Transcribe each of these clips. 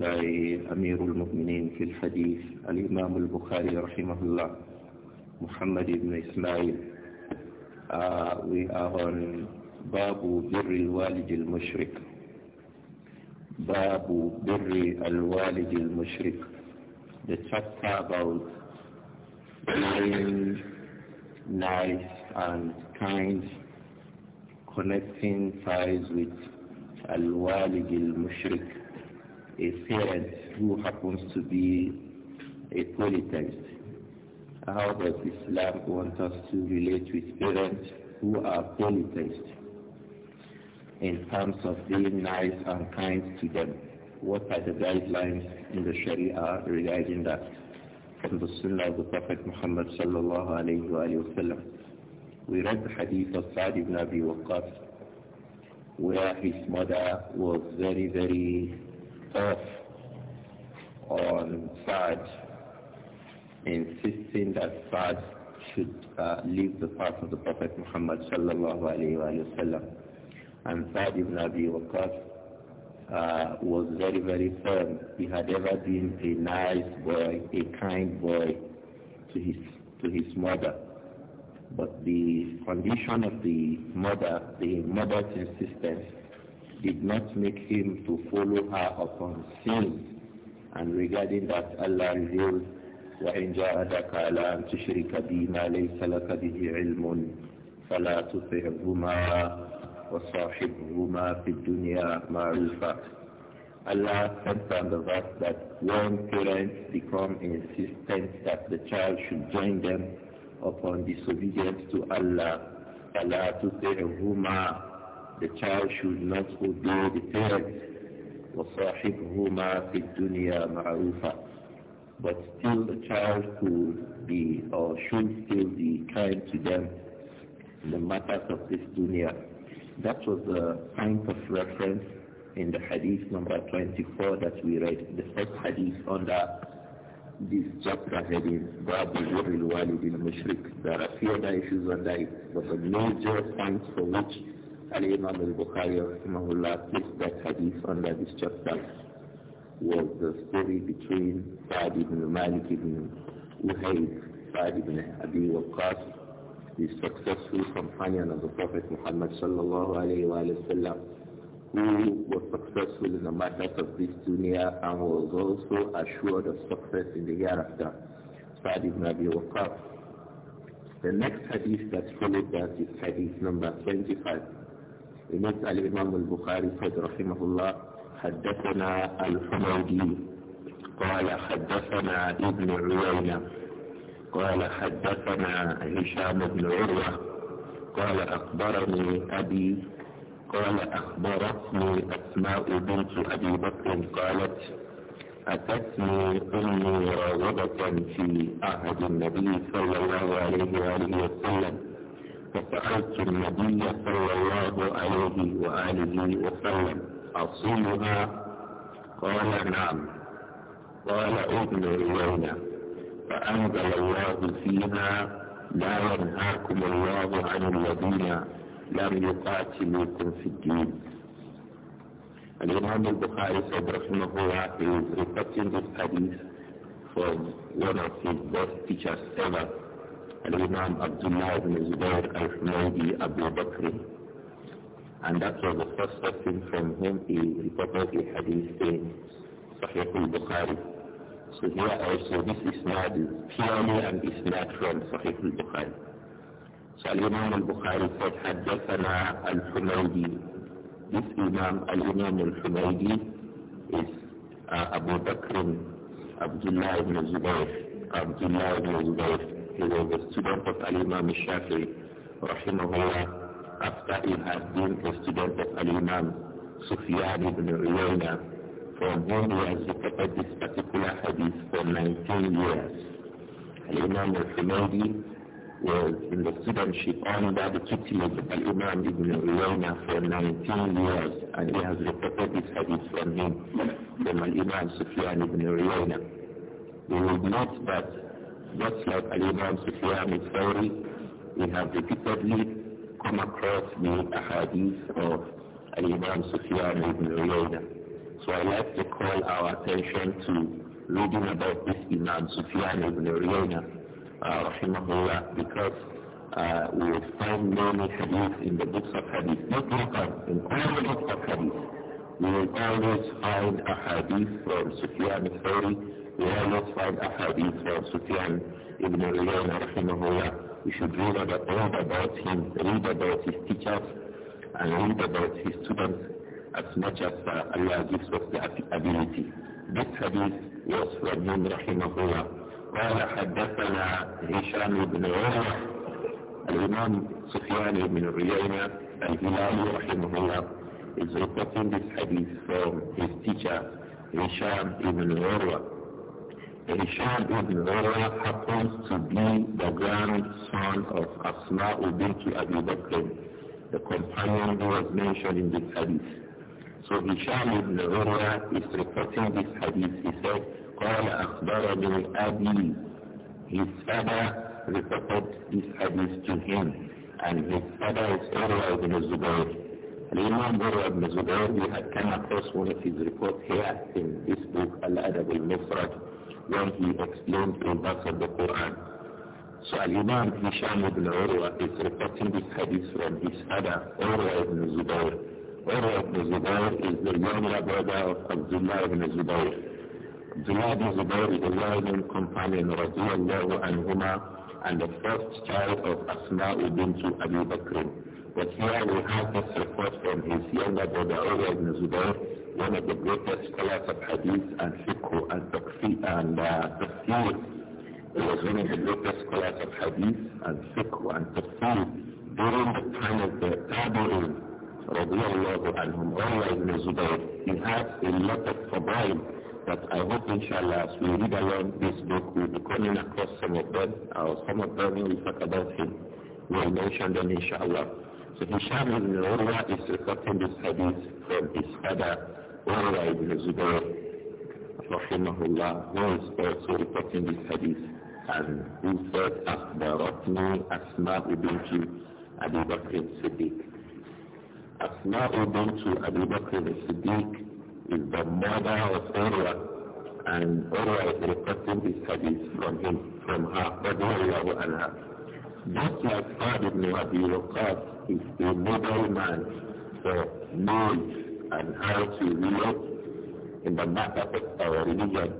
Uh, we are on The chapter about being nice and kind, connecting ties with al-Walid mushrik a parent who happens to be a polytheist? How does Islam want us to relate with parents who are polytheists in terms of being nice and kind to them? What are the guidelines in the Sharia regarding that? From the Sunnah of the Prophet Muhammad sallallahu alayhi wa sallam. We read the hadith of Sa'd ibn Abi Waqqas where his mother was very, very off on Fajr, insisting that Fajr should uh, leave the path of the Prophet Muhammad sallallahu alayhi wa sallam. And sa ibn Abi Waqqas uh, was very, very firm. He had ever been a nice boy, a kind boy to his, to his mother. But the condition of the mother, the mother's insistence, did not make him to follow her upon sin. And regarding that, Allah revealed, وَإِنْ جَاءَكَ عَلَىٰ أَنْ تُشْرِكَ بِي مَا لَيْسَ لَكَ بِهِ عِلْمٌ فَلَا تُطِعْهُمَا وَصَاحِبْهُمَا فِي الدُّنْيَا مَعْرُوفًا Allah sent on the verse that when parents become insistent that the child should join them upon disobedience to Allah, فَلَا تُطِعْهُمَا the child should not obey the parents. وَصَاحِبْهُمَا فِي الدُّنْيَا مَعْرُوفًا But still the child could be or should still be kind to them in the matters of this dunya. That was the point of reference in the hadith number 24 that we read, the first hadith under this chapter heading, Babu Zuril Walid in Mushrik. There are few other issues under it, but the major points for which Ali Imam al-Bukhari rahimahullah placed that hadith under this chapter was the story between Sa'd ibn Malik ibn Uhayb, Sa'd ibn Abi Waqqas, the successful companion of the Prophet Muhammad sallallahu alayhi wa sallam, who was successful in the matters of this dunya and was also assured of success in the hereafter. Sa'd ibn Abi Waqqas. The next hadith that followed that is hadith number 25. بمسأل الإمام البخاري رحمه الله حدثنا الحمودي قال حدثنا ابن عيينة قال حدثنا هشام بن عروة قال أخبرني أبي قال أخبرتني أسماء بنت أبي بكر قالت أتتني أمي راغبة في عهد النبي صلى الله عليه وآله وسلم وسألت النبي صلى الله عليه وآله وسلم أصيلها قال نعم قال ابن إلينا فأنزل الله فيها لا ينهاكم الله عن الذين لم يقاتلوكم في الدين الإمام البخاري صلى رحمه الله is reporting this hadith from one of his best teachers ever Imam Abdullah ibn Zubair al-Humaydi Abu Bakr. And that was the first person from him. he reported a hadith in Sahih al-Bukhari. So here also this isnad is purely an isnad from Sahih al-Bukhari. So Imam al-Bukhari said, حدثنا al-Humaydi. This Imam, al-Imam al-Humaydi is uh, Abu Bakr, Abdullah ibn Zubair, Abdullah ibn Zubair he was a student of Al-Imam Shafi, rahimahullah, after he had been a student of Al-Imam Sufyan ibn Uyayna, from whom he has reported this particular hadith for 19 years. Al-Imam al-Humaydi was in the studentship under the tutelage of Al-Imam Ibn Uyayna for 19 years and he has reported this hadith from him, from Al-Imam Sufyan Ibn Uyayna. We would note that just like Al-Imam Sufyan al-Thawri, we have repeatedly come across the ahadith of Al-Imam Sufyan ibn Uyayna. So I like to call our attention to reading about this Imam Sufyan ibn Uyayna, uh, because uh, we will find many hadith in the books of hadith, not local, in all the books of hadith. We will always find a hadith from Sufyan al-Thawri وهو يصعد أحاديث سفيان ابن عيان رحمه الله we should read about, read about him, read about his teachers, and read about his students as much as uh, Allah gives us the ability. This hadith was from him, rahimahullah. قال حدثنا هشام بن عمر الإمام سفيان بن عيينة الهلالي رحمه الله is reporting this hadith from his teacher هشام بن عروة Hisham ibn Urwa happens to be the grandson of Asma bint Abi Bakr, the companion who was mentioned in this hadith. So Hisham ibn Urwa is reporting this hadith. He said, قال أخبرني أبي His father reported this hadith to him. And his father is Urwa ibn Zubayr. الإمام بر بن زبير had come across one of his reports here in this book Al-Adab al-Mufrad when he explained a verse of the Quran. So Al-Imam Hisham ibn Urwa is reporting this hadith from his father, Urwa ibn Zubair. Urwa ibn Zubair is the younger brother of Abdullah ibn Zubair. Abdullah ibn Zubair is the well-known companion radiallahu anhuma and the first child of Asma ibn Abi Bakr. But here we have this report from his younger brother Urwa ibn Zubair one of the greatest scholars of hadith and fiqh and tafsir and uh, He was one of the greatest scholars of hadith and fiqh and tafsir during the time of the Tabi'in, radiallahu anhum, Allah oh, ibn Zubayr. He has a lot of fadail but I hope inshallah as we read along this book we'll be coming across some of them or some of them we talk about him. We'll mention them inshallah. So Hisham ibn Urwa is reporting this hadith from his father of the Zubayr, rahimahullah, was also reporting this hadith, and who said, أخبرتني أسماء بنت أبي بكر الصديق. أسماء بنت أبي بكر الصديق is the mother of Urwa, and Urwa is reporting this hadith from him, from her, radiallahu anha. Just like Fad ibn Abi Waqas is a noble man for so, knowledge and how to relate in the matter of our religion.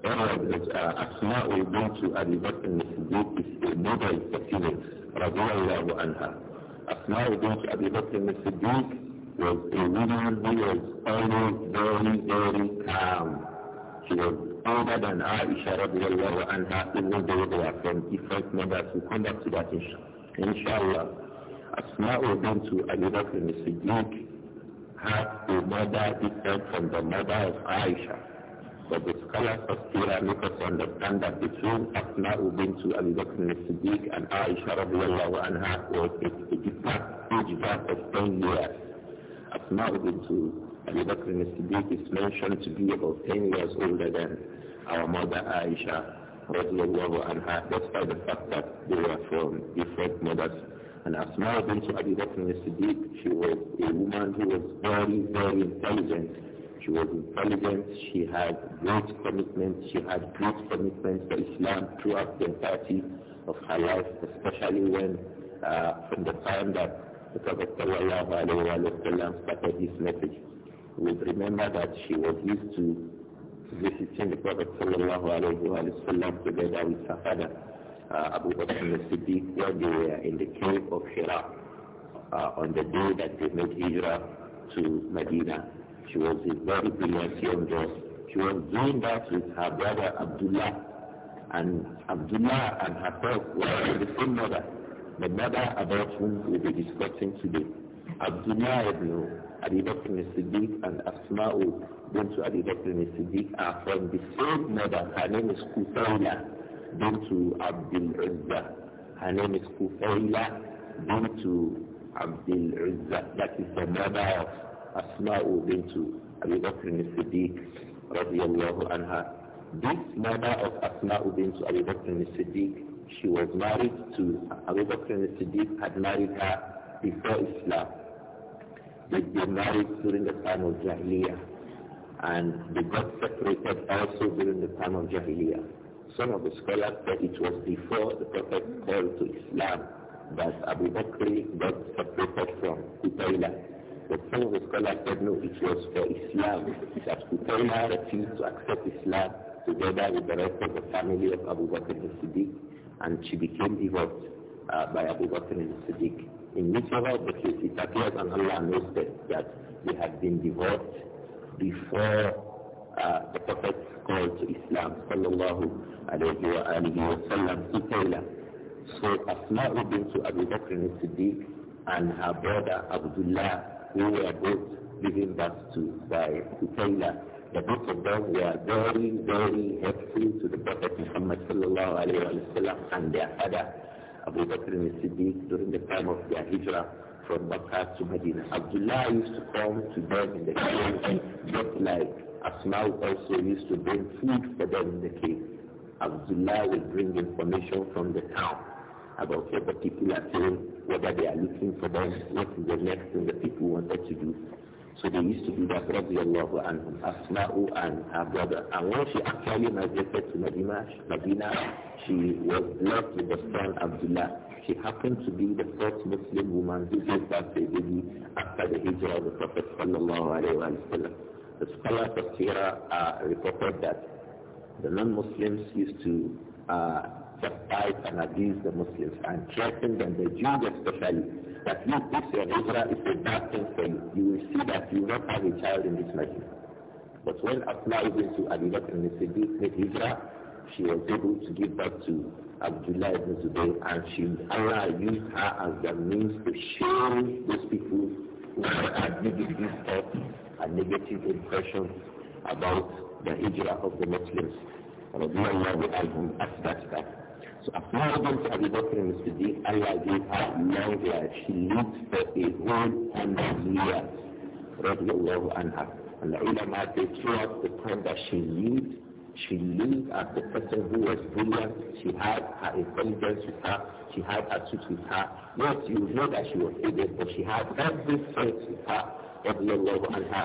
One of uh, Asma bint Abi Bakr al-Siddiq is a model for females, radiallahu anha. Asma bint Abi Bakr al-Siddiq was a woman who was always very, very calm. She was older than Aisha radiallahu anha, even though they were from different members. We'll come back to that inshallah. Asma'u bint Abu Bakr al-Siddiq have a mother different from the mother of Aisha. But the scholars of Sira make us understand that between Asma Ubuntu and of Siddiq and Aisha radiallahu anha was a different age gap of 10 years. Asma Ubuntu and of Siddiq is mentioned to be about 10 years older than our mother Aisha radiallahu anha, despite the fact that they were from different mothers and Asma bint Abi Bakr al-Siddiq, she was a woman who was very, very intelligent. She was intelligent, she had great commitment, she had great commitment to Islam throughout the entirety of her life, especially when, uh, from the time that the Prophet ﷺ started his message. We remember that she was used to visiting the Prophet ﷺ together with her father uh, Abu Bakr al-Siddiq where they were in the cave of Hira uh, on the day that they made Hijrah to Medina. She was a very brilliant young girl. She was doing that with her brother Abdullah. And Abdullah and herself were the same mother, the mother about whom we'll be discussing today. Abdullah ibn Abi Bakr al-Siddiq and Asma'u bint Abi Bakr al-Siddiq are from the same mother. Her name is Kutayla bint Abdul Uzza. Her name is Kufayla bint Abdul Uzza. That is the mother of Asma'u bint Abu Bakr al رضي الله عنها. This mother of Asma'u bint Abu Bakr al-Siddiq, she was married to Abu Bakr al-Siddiq, had married her before Islam. They, they married during the time of Jahiliyyah and they got separated also during the time of Jahiliyyah some of the scholars said it was before the Prophet called to Islam that Abu Bakr got separated from Qutayla. But some of the scholars said no, it was for Islam that Qutayla refused to accept Islam together with the rest of the family of Abu Bakr al-Siddiq and she became divorced uh, by Abu Bakr al-Siddiq. In whichever of the it appears and Allah knows that, that they had been divorced before uh, the Prophet called to Islam sallallahu alayhi wa alihi wa sallam So Asma bint Abu Bakr al-Siddiq and her brother Abdullah who were both given birth to by Sufayla. The both of them were very, very helpful to the Prophet Muhammad sallallahu alayhi wa sallam and their father Abu Bakr al-Siddiq during the time of their hijrah from Makkah to Medina. Abdullah used to come to them in the evening, just like Asma also used to bring food for them in the cave. Abdullah would bring information from the town about a particular thing, whether they are looking for them, what is the next thing the people wanted to do. So they used to do that, radiallahu anhum, Asma'u and her brother. And when she actually migrated to Medina, Medina, she was blessed with the son Abdullah. She happened to be the first Muslim woman who gave birth to a baby after the hijrah of the Prophet sallallahu alayhi wa sallam the scholars of uh, reported that the non-Muslims used to uh, and abuse the Muslims and threaten them, the Jews especially, that you, this your hijrah is a bad thing for you. You will see that you will not have a child in this nation. But when Asma ibn to Abu Bakr and Siddiq made hijrah, she was able to give birth to Abdullah ibn Zubayr and she, Allah used her as the means to shame those people who are abusing this a negative impressions about the hijrah of the Muslims at that So Asma bint the Bakr Mr. D, Allah gave her long She lived for a whole hundred years, radiallahu anha. And the ulama say throughout the time that she lived, she lived as the person who was brilliant. She had her intelligence with her. She had her truth with her. Yes, you know that she was able, but she had every sense with her radiallahu anha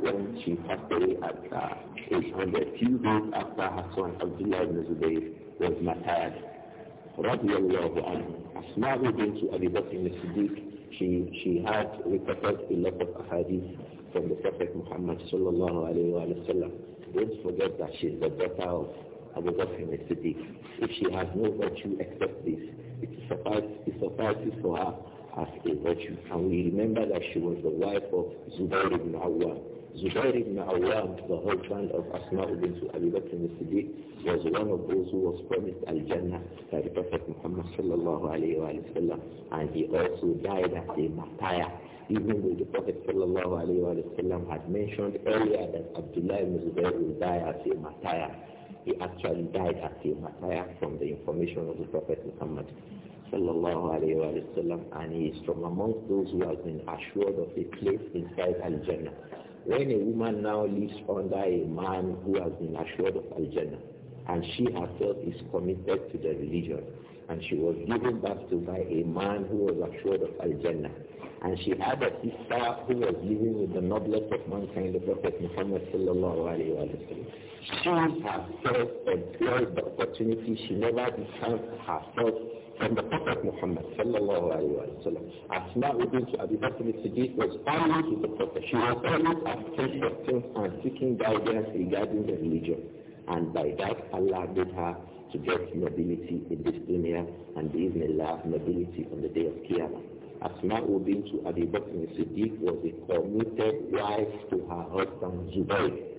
when she passed away at uh, age 100, few days after her son Abdullah ibn Zubayr was martyred. Radiallahu anhu, Asma bint Abi Bakr al-Siddiq, she, she had reported a lot of ahadith from the Prophet Muhammad sallallahu alayhi wa, alayhi Don't forget that she is the daughter of Abu Bakr al If she has no virtue except this, it suffices, it suffices for her and we remember that she was the wife of Zubair ibn Awwam. Zubair ibn Awwam, the husband of Asma ibn Abi Bakr al-Siddiq, was one of those who was promised al-Jannah by the Prophet Muhammad sallallahu alayhi wa sallam. And he also died at the martyr. Even though the Prophet sallallahu alayhi wa sallam had mentioned earlier that Abdullah ibn Zubair will die at the martyr, he actually died at the martyr from the information of the Prophet Muhammad sallallahu alayhi wa sallam, and he is from amongst those who have been assured of a place inside Al-Jannah. When a woman now lives under a man who has been assured of Al-Jannah, and she herself is committed to the religion, and she was given birth to by a man who was assured of Al-Jannah, and she had a sister who was living with the noblest of mankind, the Prophet Muhammad sallallahu alayhi wa sallam. She herself enjoyed the opportunity she never distanced herself from the Prophet Muhammad sallallahu alayhi wa sallam. Asma ibn Abi Bakr al-Siddiq was always with the Prophet. She was always asking for things and seeking guidance regarding the religion. And by that, Allah did her to get nobility in this dunya and bismillah, nobility on the day of Qiyamah. Asma ibn Abi Bakr al-Siddiq was a committed wife to her husband Zubayr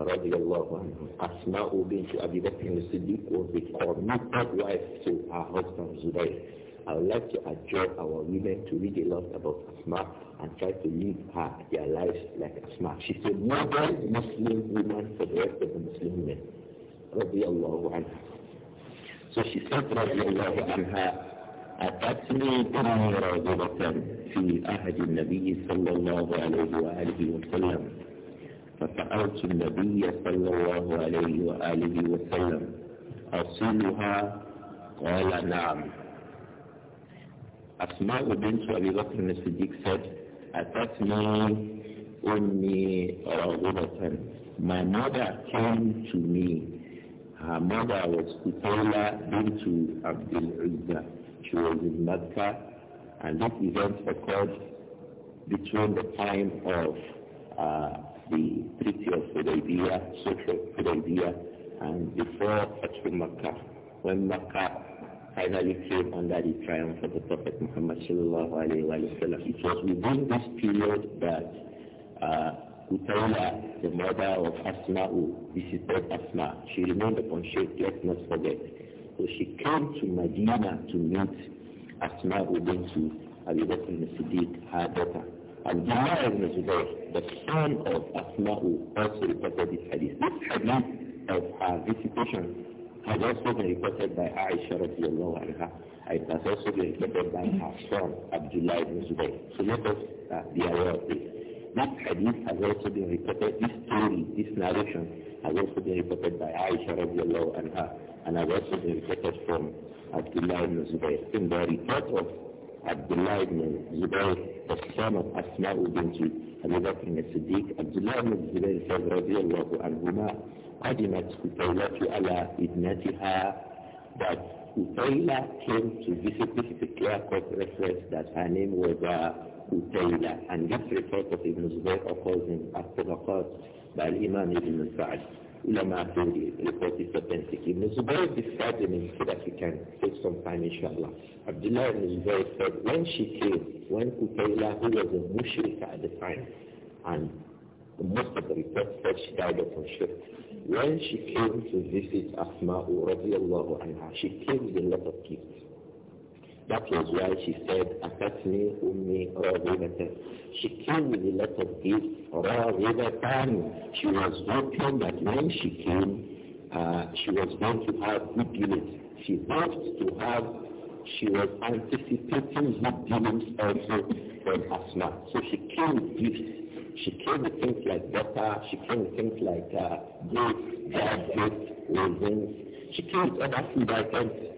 رضي الله عنه أسماء بنت أبي بكر الصديق was the committed wife to her husband Zubair. I would like to adjure our women to read a lot about Asma and try to live her, their lives like Asma. She's a modern Muslim woman for the rest of the Muslim women. رضي الله عنها. So she said رضي الله عنها أتتني أمي راغبة في أحد النبي صلى الله عليه وآله وسلم فسألت النبي صلى الله عليه وآله وسلم أصلها قال نعم أسماء بنت أبي بكر الصديق said أتتني أمي راغبة My mother came to me. Her mother was Kutayla bint Abdul Uzza. She was in Mecca and this event occurred between the time of uh, the Treaty of Hudaybiyah, Social Hudaybiyah, and before Fatih Makkah, when Makkah finally came under the triumph of the Prophet Muhammad sallallahu alayhi wa It was within this period that uh, the mother of Asma'u, visited Asma. She remained upon Sheikh, let's not forget. So she came to Medina to meet Asma'u bint Abu Bakr al-Siddiq, her daughter. Abdullah ibn Zubayr, the son of Asma'u, also reported this hadith. This hadith of her visitation has also been reported by Aisha radiallahu anha. It has also been reported by her son, Abdullah ibn Zubayr. So let us uh, be aware of this. hadith has also been reported, this story, this narration has also been reported by Aisha radiallahu anha and has also been reported from Abdullah ibn Zubayr. In the report of Abdullah ibn Zubair, the son of Asmau bint Abu Bakr as-Siddiq, Abdullah ibn Zubayr says, radiallahu anhuma, قدمت قتيلة على ابنتها that Utayla came to visit. This is a clear-cut reference that her name was uh, Utayla. And this report of Ibn Zubair occurs in Al-Tabaqat by Imam Ibn Sa'd ulama think the report is authentic. Ibn Zubayr described him so that we can take some time, inshallah. Abdullah ibn very said, when she came, when Qutayla, who was a mushrika at the time, and most of the reports said she died of her shirk, when she came to visit Asma radiallahu anha, she came with a lot of gifts. That was why she said, Atatni Ummi Ravivatan. She came with a lot of gifts, Ravivatan. She was hoping that when she came, uh, she was going to have good dealings. She hoped to have, she was anticipating good dealings also from Asma. So she came with gifts. She came with things like butter, she came with things like uh, goats, dry grapes, raisins. She came with other food items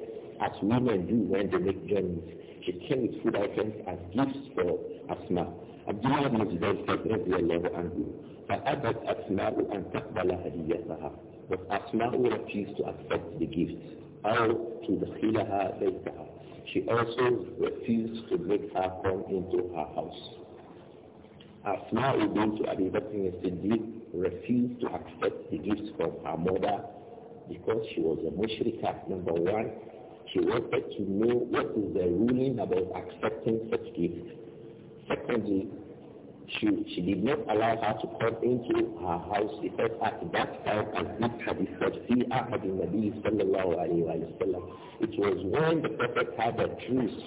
as women do when they make journeys. She came with food items as gifts for Asma. Abdullah ibn Zubayr said, radiallahu anhu, فأبت أسماء أن تقبل هديتها. But Asma refused to accept the gift. أو تدخلها بيتها. She also refused to make her come into her house. Asma to Abi Bakr Siddiq refused to accept the gifts from her mother because she was a mushrika, number one, she wanted to know what is the ruling about accepting such gifts. Secondly, she, she did not allow her to come into her house because at that time, as this hadith said, fi ahad nabi sallallahu alayhi wa sallam, it was when the Prophet had a truce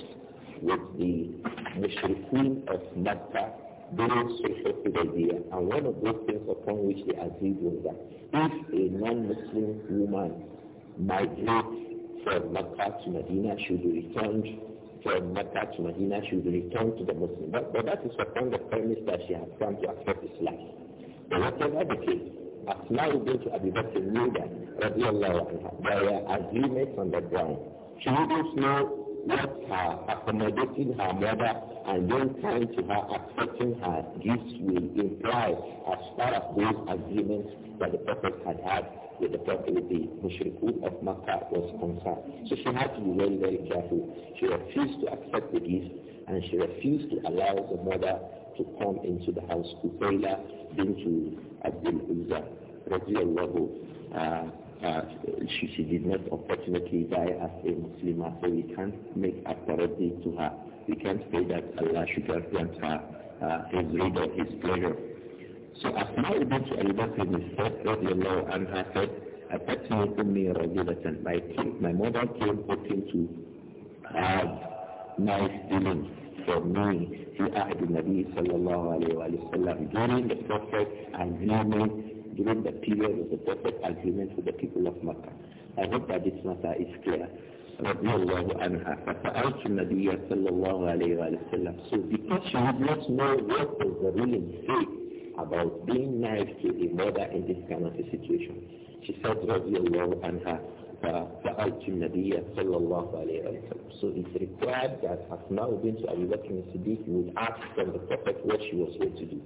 with the mushrikeen of Makkah during social idea. And one of those things upon which they agreed was that if a non-Muslim woman migrates from Mecca to Medina should be returned from Mecca to Medina should to the Muslim. But, but that is upon the premise that she has come to accept Islam. But whatever the case, now bint Abu Bakr to that, radiallahu anha, there were agreements on the ground. She didn't know what her accommodating her mother and then coming to her accepting her gifts will imply as far as those agreements that the Prophet had had with the Prophet, with the Mushrikun of Makkah was concerned. So she had to be very, very careful. She refused to accept the gift and she refused to allow the mother to come into the house. Kufayla bint Abdul Uzza, uh, uh, she, she did not unfortunately die as a Muslim, so we can't make a parody to her. We can't say that Allah should grant her uh, his reward, his pleasure. So Asma bint Abi Bakr said, radiallahu anha said, Atatni ummi rajulatan. My, my mother came hoping to have nice dealings for me في عهد النبي صلى الله عليه وآله وسلم during the prophet agreement during the period of the prophet agreement with the people of Makkah. I hope that this matter is clear. رضي الله عنها فسألت النبي صلى الله عليه وآله وسلم so because she did not know what was the ruling say about being nice to a mother in this kind of a situation. She said, radiallahu anha, فألت النبي صلى الله عليه وسلم. So it's required that Asma bint Abu Bakr Siddiq would ask from the Prophet what she was going to do.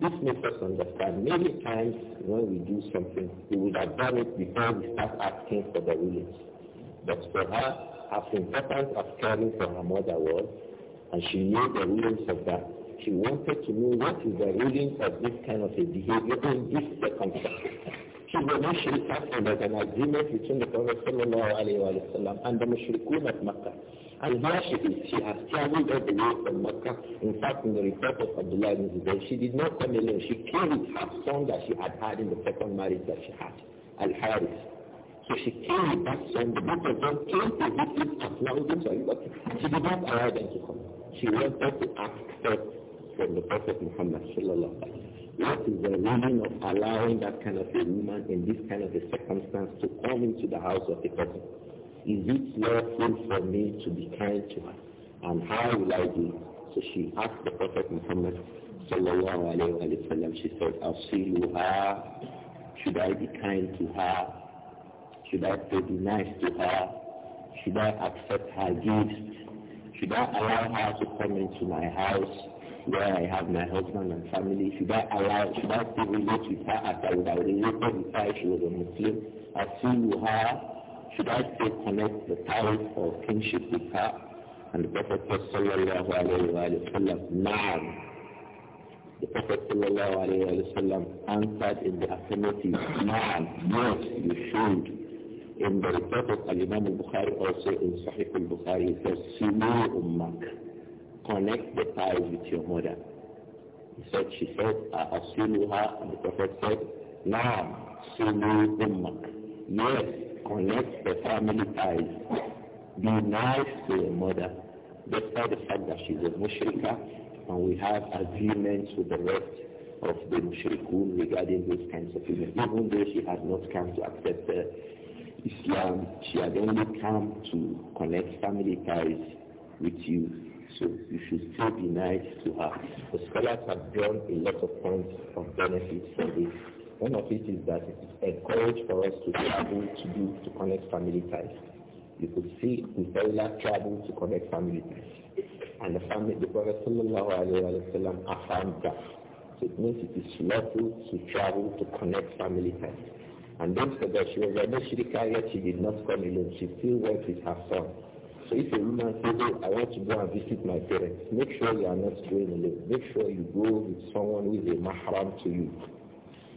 This makes us understand many times when we do something, we would have done it before we start asking for the rulings. But for her, as important as caring for her mother was, and she knew the rulings of that, she wanted to know what is the reason of this kind of a behavior in this circumstance. She was not sure that an agreement between the Prophet وسلم, and the Mushrikun at Makkah. And here she is. She has traveled all the way from Makkah. In fact, in the report of Abdullah ibn Zubayr, she did not come alone. She came with her son that she had had in the second marriage that she had, al haris So she came with that son. The both of them came to visit Abdullah ibn Zubayr, but she did not allow them to come. She wanted to ask first from the Prophet Muhammad sallallahu What is the meaning of allowing that kind of a woman in this kind of a circumstance to come into the house of a Prophet? Is it lawful for me to be kind to her? And how will I do So she asked the Prophet Muhammad sallallahu alayhi wa, alayhi wa sallam, she said, Asiluha, should I be kind to her? Should I be nice to her? Should I accept her gifts? Should I allow her to come into my house? where I have my husband and family, should I allow, should I still relate with her as I would have related with her if she was a Muslim? Assume her, should I still connect the ties of kinship with her? And the Prophet said, sallallahu alayhi wa sallam, na'am. The Prophet sallallahu alayhi wa sallam answered in the affirmative, na'am, yes, you should. In the report of Al-Imam al-Bukhari also in Sahih al-Bukhari, he says, simu ummak connect the ties with your mother. He said, she said, Asiluha, and the Prophet said, "Now, Sulu Ummak. Yes, connect the family ties. Be nice to your mother, despite the fact that she's a mushrika, and we have agreements with the rest of the mushrikun regarding those kinds of things. Even though she has not come to accept uh, Islam, she has only come to connect family ties with you so you should still be nice to her. The scholars have drawn a lot of points of benefit from this. One of it is that it is encouraged for us to travel to do to connect family ties. You could see Ubayla travel to connect family ties. And the family, the Prophet Sallallahu Alaihi Wasallam affirmed that. So it means it is lawful to travel to connect family ties. And then said that she was a Mushrika, yet she did not come alone. She still went with her son. So if a woman says, oh, I want to go and visit my parents, make sure you are not going alone. Make sure you go with someone who is a mahram to you,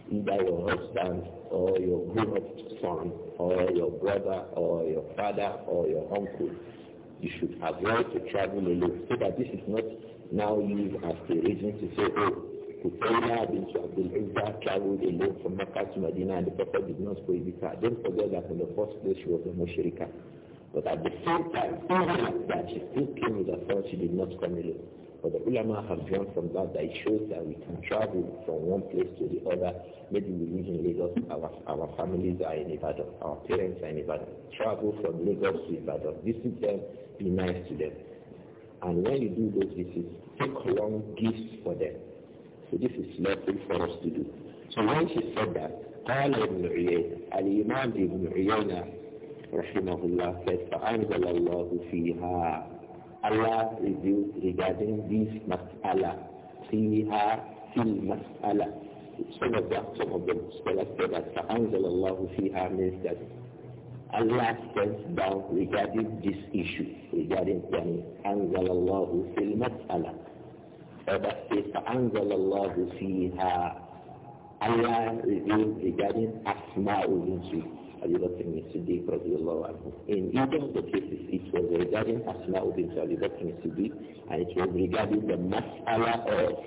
either your husband or your grown-up son or your brother or your father or your uncle. You should avoid to travel alone so that this is not now used as the reason to say, oh, Husayna bin Abdul Izzah traveled alone from Makkah to Medina and the Prophet did not prohibit her. Don't forget that in the first place she was a mushrikah." But at the same time, even that she still came with a thought she did not come alone. But the ulama have drawn from that that it shows that we can travel from one place to the other. Maybe we live in Lagos, our, our families are in Ibadan, our parents are in Ibadan. Travel from Lagos to Ibadan, visit them, be nice to them. And when you do those visits, take long gifts for them. So this is lovely for us to do. So when she said that, قال ابن عيينة الإمام ابن عيينة rahimahullah said, فَأَنْزَلَ اللَّهُ فِيهَا Allah revealed regarding this mas'ala, فِيهَا fil mas'ala. Some of that, some of the scholars say that فَأَنْزَلَ اللَّهُ فِيهَا means that Allah stands down regarding this issue, regarding yani, أَنْزَلَ اللَّهُ فِي الْمَسْأَلَةِ Others say فَأَنْزَلَ اللَّهُ فِيهَا Allah revealed regarding Asma'ul Husna. Abu Bakr Siddiq In either of the cases, it was regarding Asma bin Abu Bakr Siddiq, and it was regarding the mas'ala of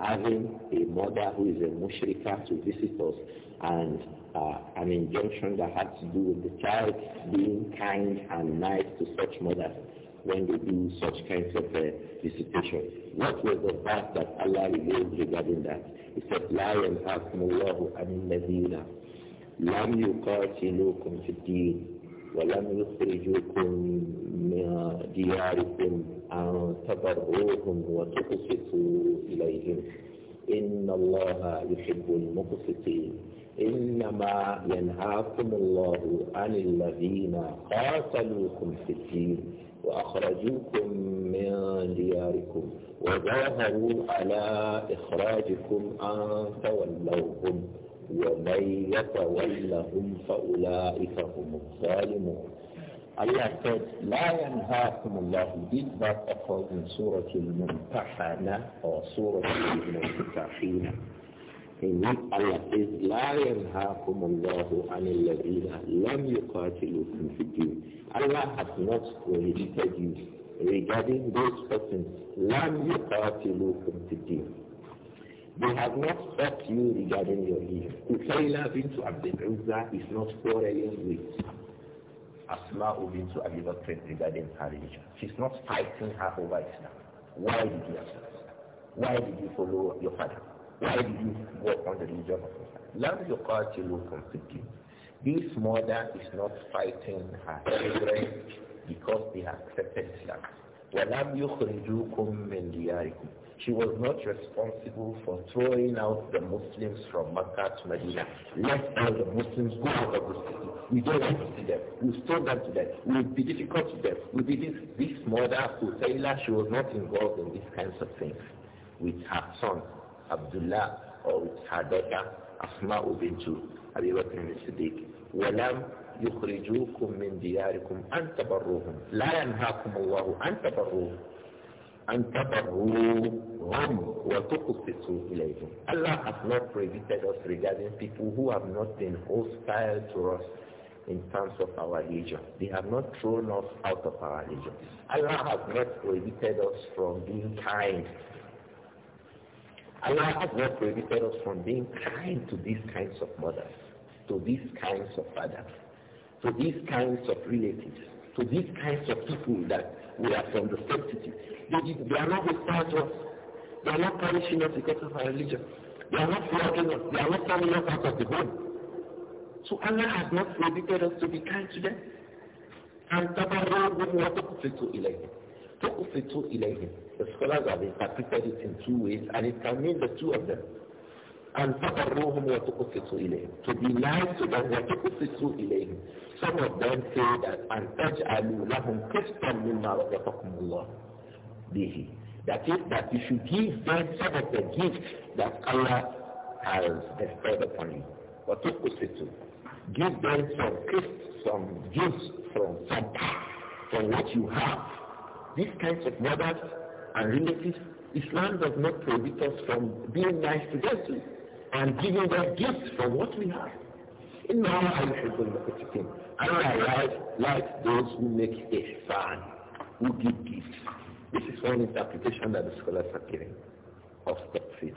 having a mother who is a mushrika to visit us and uh, an injunction that had to do with the child being kind and nice to such mothers when they do such kinds of uh, visitation. What was the fact that Allah revealed regarding that? He said, لا ينهاكم الله عن الذين لم يقاتلوكم في الدين ولم يخرجوكم من دياركم أن تبروهم وتقسطوا إليهم إن الله يحب المقسطين إنما ينهاكم الله عن الذين قاتلوكم في الدين وأخرجوكم من دياركم وظاهروا على إخراجكم أن تولوهم ومن يتولهم فاولئك هم الظالمون الله قد لا ينهاكم الله بما تقول من سورة الممتحنة أو سورة الممتحنة إن الله إذ لا ينهاكم الله عن الذين لم يقاتلوكم في الدين الله has not prohibited you regarding those persons لم يقاتلوكم في الدين They have not stopped you regarding your leave. Ufayla bint Abdul Uzza is not quarreling with Asma to Abi Bakr regarding her religion. She's not fighting her over Islam. Why did you ask? Why did you follow your father? Why did you work on the religion of Islam? لم يقاتلوكم في الدين. This mother is not fighting her children because they have accepted Islam. وَلَمْ يُخْرِجُوكُم مِّن دِيَارِكُمْ she was not responsible for throwing out the Muslims from Mecca to Medina. Let all the Muslims go out of the city. We don't want to see them. We stole them to them. We'll be difficult to them. We'll be this, this mother, Husayla, she was not involved in these kinds of things with her son, Abdullah, or with her daughter, Asma bintu Abi Bakr al-Siddiq. ولم يخرجوكم من دياركم أن تبروهم لا ينهاكم الله أن تبروهم أن تطهروا هم وتقسطوا إليهم. Allah has not prohibited us regarding people who have not been hostile to us in terms of our religion. They have not thrown us out of our religion. Allah has not prohibited us from being kind. Allah has not prohibited us from being kind to these kinds of mothers, to these kinds of fathers, to these kinds of relatives, to these kinds of people that we are from the sanctity. They, they are not without us. They are not punishing us because of our religion. They are not flogging us. They are not turning us out of the home. So Allah has not prohibited us to be kind to them. And tabarra'uhum wa tuqfitu ilayhim. Tuqfitu ilayhim. The scholars have interpreted it in two ways and it can mean the two of them. And tabarra'uhum wa tuqfitu ilayhim. To be nice to them wa tuqfitu ilayhim. Some of them say that and touch alu lahum kistan mimma Allah. bihi. That is that you should give them some of the gifts that Allah has bestowed upon you. But to give them some gifts, some gifts from some from what you have. These kinds of mothers and relatives, Islam does not prohibit us from being nice to them and giving them gifts from what we have. إن الله يحب المقسطين Allah likes, those who make a fan, who give gifts. This is one interpretation that the scholars are giving of taqsid.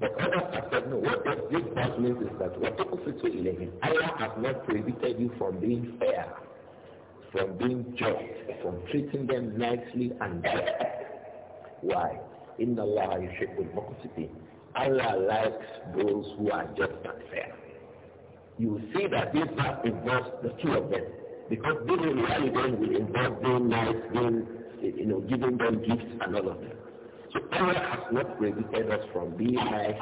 But other have no, what this verse means is that what taqsid to Allah has not prohibited you from being fair, from being just, from treating them nicely and just. Why? In the Inna Allah yushiqul be. Allah likes those who are just and fair you will see that this verse involves the two of them. Because giving reality will involve being nice, being, you know, giving them gifts and all of that. So Allah has not prevented us from being nice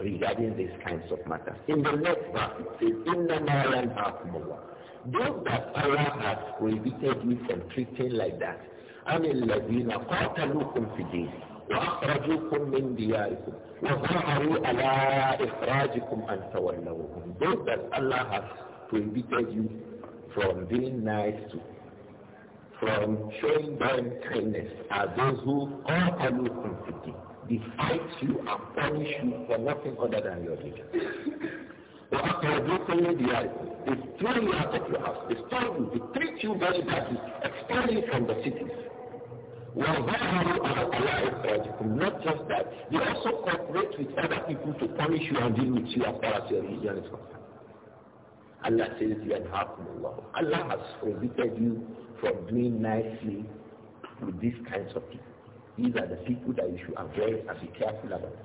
regarding these kinds of matters. In the next verse, it says, إِنَّمَا يَنْهَاكُمُ اللَّهُ Those that Allah has prohibited you from treating like that, أَمِ الَّذِينَ قَاتَلُوكُمْ فِي دِينِهِ وأخرجوكم من دياركم وظهروا على إخراجكم أن تولوهم those that Allah has prohibited you from being nice to from showing them kindness are those who قاتلوكم في الدين they you and punish you for nothing other than your religion وأخرجوكم من دياركم they threw you out of your house they stole you they treat you very badly expel you from the cities وَظَهَرُوا عَلَىٰ إِخْرَاجِكُمْ Not just that, they also cooperate with other people to punish you and deal with you as far as your religion is concerned. Allah says, يَنْهَاكُمُ اللَّهُ Allah has prohibited you from doing nicely with these kinds of people. These are the people that you should avoid and be careful about.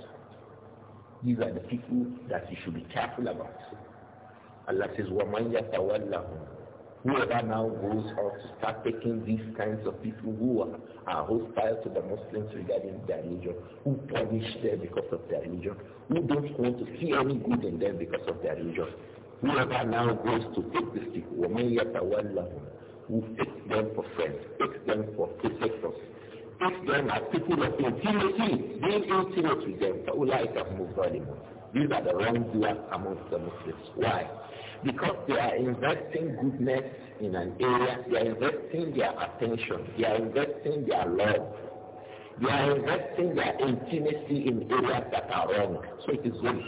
These are the people that you should be careful about. Allah says, وَمَنْ يَتَوَلَّهُمْ whoever now goes out to start taking these kinds of people who are, are hostile to the Muslims regarding their religion, who punish them because of their religion, who don't want to see any good in them because of their religion, whoever now goes to take these people, وَمَنْ يَتَوَلَّهُمْ who takes them for friends, takes them for protectors, takes them as people of intimacy, being intimate with them, These are the wrongdoers amongst the Muslims. Why? because they are investing goodness in an area, they are investing their attention, they are investing their love, they are investing their intimacy in areas that are wrong. So it is good.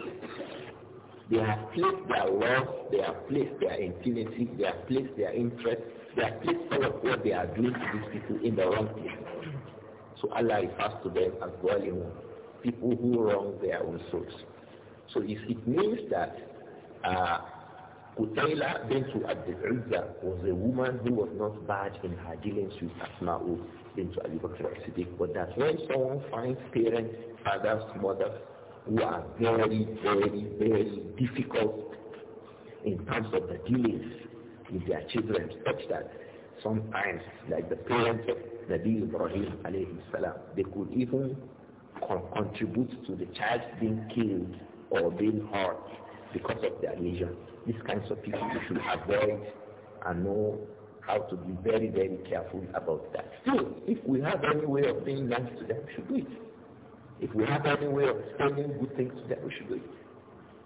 They have placed their love, they have placed their intimacy, they have placed their interest, they have placed all of what they are doing to these people in the wrong place. So Allah refers to them as Walimun, people who wrong their own souls. So if it means that uh, Qutayla bint Abdul Uzza was a woman who was not bad in her dealings with Asma'u bint Abu Bakr al-Siddiq. But that when someone finds parents, fathers, mothers who are very, very, very difficult in terms of the dealings with their children, such that sometimes, like the parents of Nabi Ibrahim alayhi salam, they could even con contribute to the child being killed or being hurt because of their religion. These kinds of people you should avoid and know how to be very, very careful about that. Still, if we have any way of being nice to them, we should do it. If we have any way of spending good things to them, we should do it.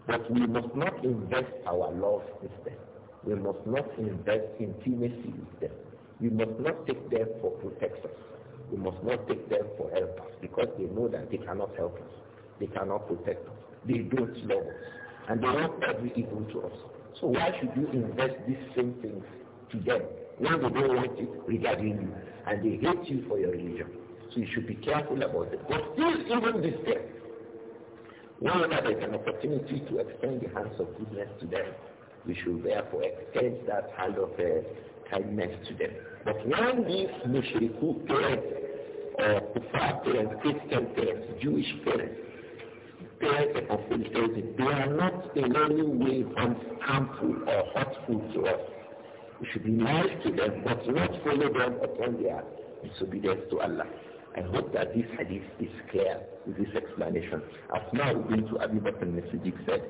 But we must not invest our love with them. We must not invest intimacy with them. We must not take them for protectors. We must not take them for helpers because they know that they cannot help us. They cannot protect us. They don't love us and they want every evil to us. So why should you invest these same things to them when they don't want it regarding you and they hate you for your religion? So you should be careful about it. But still, even this day, now that there's an opportunity to extend the hands of goodness to them, we should therefore extend that hand of uh, kindness to them. But when these Mushriku parents, or uh, Kufar parents, Christian parents, Jewish parents, spare the facilitators. They are not in any way harmful or hurtful to us. We should be nice to them, but not follow them upon their disobedience to Allah. I hope that this hadith is clear with this explanation. As now we going to Abu Bakr al-Siddiq said,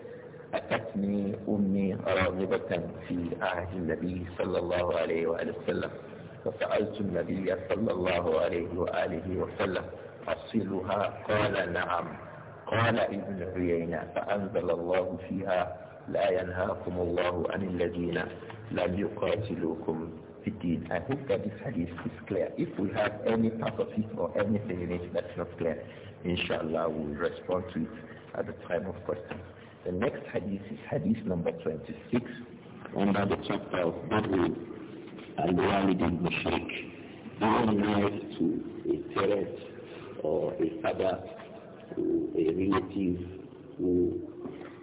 أتتني أمي راغبة في عهد النبي صلى الله عليه وآله وسلم فسألت النبي صلى الله عليه وآله وسلم أصلها قال نعم قال ابن عيينة فأنزل الله فيها لا ينهاكم الله عن الذين لم يقاتلوكم في الدين. I hope that this hadith is clear. If we have any part of it or anything in it that's not clear, inshallah we'll respond to it at the time of question. The next hadith is hadith number 26 under the chapter of Badru and the Walid ibn Mashrik. Giving rise to a parent or a father to a relative who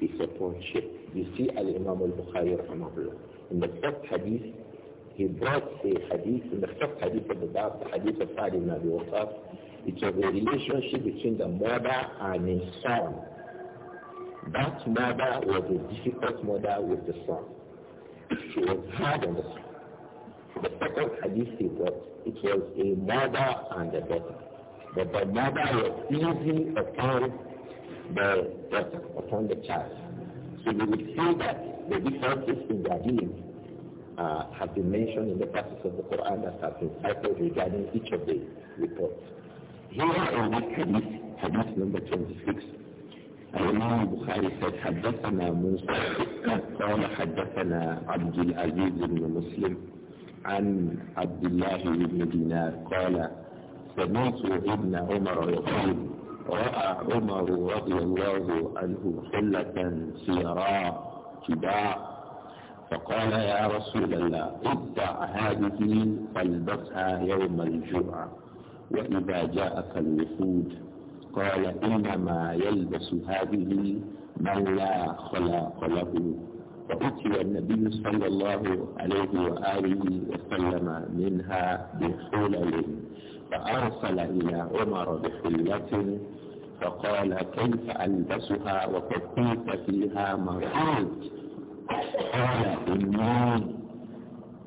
is a poor sheikh. You see Al-Imam al-Bukhari In the first hadith, he brought a hadith, in the first hadith of the Bab, the hadith of Sa'd ibn it was a relationship between the mother and the son. That mother was a difficult mother with the son. She was hard on the son. The second hadith he brought, it was a mother and a daughter. The mother was easy upon the upon the child. So we will see that the differences in their dealings uh, have been mentioned in the passages of the Quran that have been cited regarding each of the reports. Here in this hadith, hadith number 26, الإمام البخاري قد حدثنا موسى قال حدثنا عبد العزيز بن مسلم عن عبد الله بن دينار قال سمعت ابن عمر يقول رأى عمر رضي الله عنه حلة سيراء كبار فقال يا رسول الله ابدع هذه فالبسها يوم الجمعة وإذا جاءك الوفود قال إنما يلبس هذه من لا خلاق له فأتي النبي صلى الله عليه وآله وسلم منها بحلل فأرسل إلى عمر بحلة فقال كيف ألبسها وقد كنت فيها مرحوت قال إني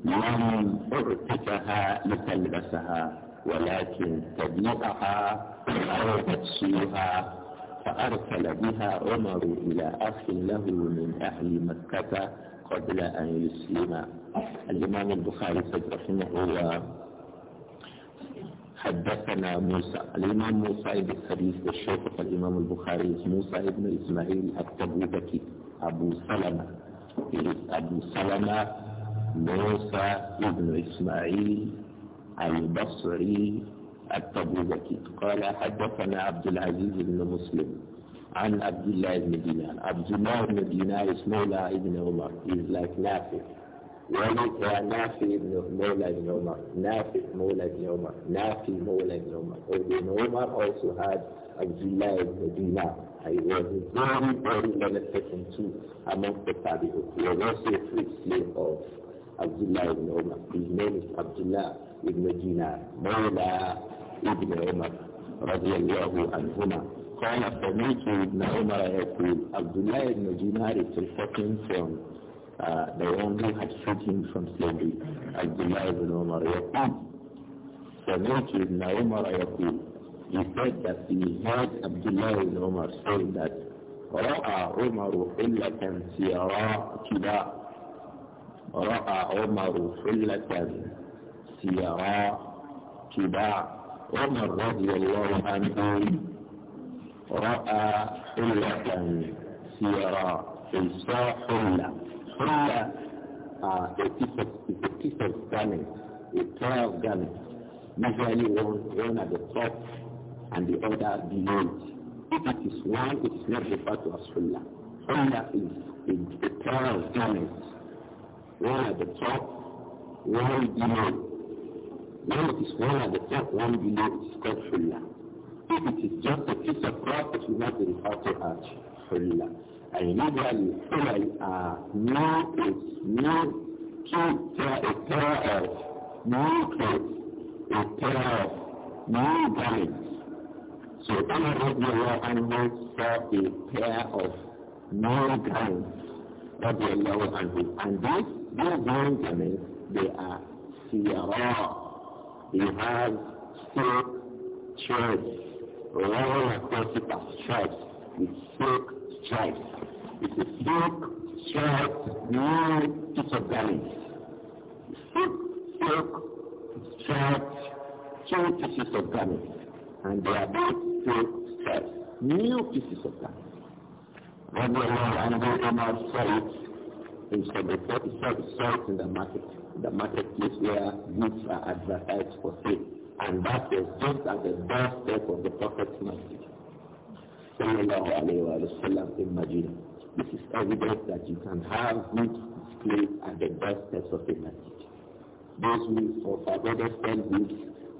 لم أعتكها لتلبسها ولكن تبيعها أو تكسوها فأرسل بها عمر إلى أخ له من أهل مكة قبل أن يسلم الإمام البخاري رحمه الله حدثنا موسى الإمام موسى بن الحديث الشيخ الإمام البخاري موسى بن إسماعيل التبوذكي أبو سلمة أبو سلمة موسى بن إسماعيل البصري التبوذكي قال حدثنا عبد العزيز بن مسلم عن عبد الله بن دينار عبد الله بن دينار اسمه لا ابن عمر إذ like Nafi ولد ونافي مولى عمر نافي مولى عمر نافي مولى بن عمر also had Abdullah ibn Dinar he was a very very learned too among the Tabi'ut he was also a free slave of Abdullah ibn Umar his name is Abdullah ibn Dinar مولى Ibn عمر رضي الله عنهما قال سمعت ابن عمر يقول عبد الله بن دينار is from uh, the only who had freed him from slavery Abdullah ibn Umar يقول سمعت ابن عمر يقول he said that he heard Abdullah ibn Umar say that رأى عمر حلة سيراء كذا رأى عمر حلة سيراء كذا عمر رضي الله عنه رأى حلة سيراء حلة Hulla uh, a piece of a piece of garment, a trial garment, usually one one at the top and the other below it. If it is one, it is not referred to as Hulla. Hulla is a, a trial garment, one at the top, one below. When it is one at the top, one below, it is called Hulla. If it is just a piece of cloth, it will not be referred to as Hulla. And immediately women are no is no two pair a pair of no clothes, a pair of no garments. So Umar radiallahu animals saw a pair of no garments radiallahu anhu. And these no garments they are siyara. They have silk threads, roll across threads with silk it's a silk, short, new piece of garment. Silk, silk, short, two pieces of garment. And they are both silk strips, new pieces of garment. And they are عمر سعيد in Shabbat, salt in the market, the marketplace where goods are advertised for sale. And that is just at the doorstep of the Prophet's mosque sallallahu alayhi wa sallam in This is evidence that you can have good schools and the best steps of the masjid. Those who for forbidden sell goods,